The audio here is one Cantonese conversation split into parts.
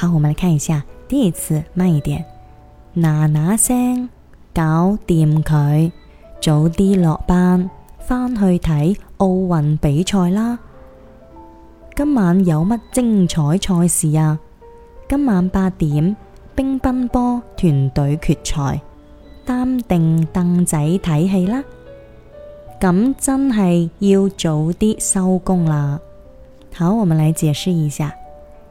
好，我們嚟看一下。第一次慢一點。嗱嗱聲搞掂佢，早啲落班，返去睇奧運比賽啦。今晚有乜精彩賽事啊？今晚八點乒乓波團隊決賽，擔定凳仔睇戲啦。咁真係要早啲收工啦。好，我們來解釋一下。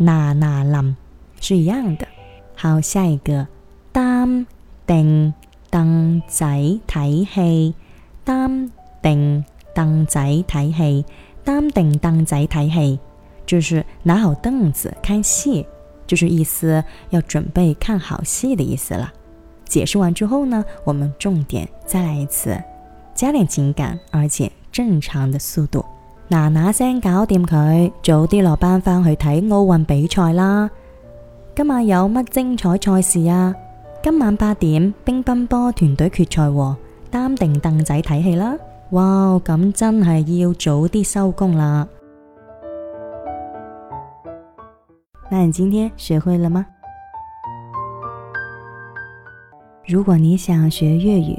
嗱嗱臨是一樣的。好，下一個，擔定凳仔睇戲，擔定凳仔睇戲，擔定凳仔睇戲，就是拿好凳子看戲，就是意思要準備看好戲的意思了。解釋完之後呢，我們重點再來一次，加點情感，而且正常的速度。嗱嗱聲搞掂佢，早啲落班返去睇奧運比賽啦。今晚有乜精彩賽事啊？今晚八點乒乓波團隊決賽，擔定凳仔睇戲啦。哇，咁真係要早啲收工啦。那你今天學會了嗎？如果你想學粵語。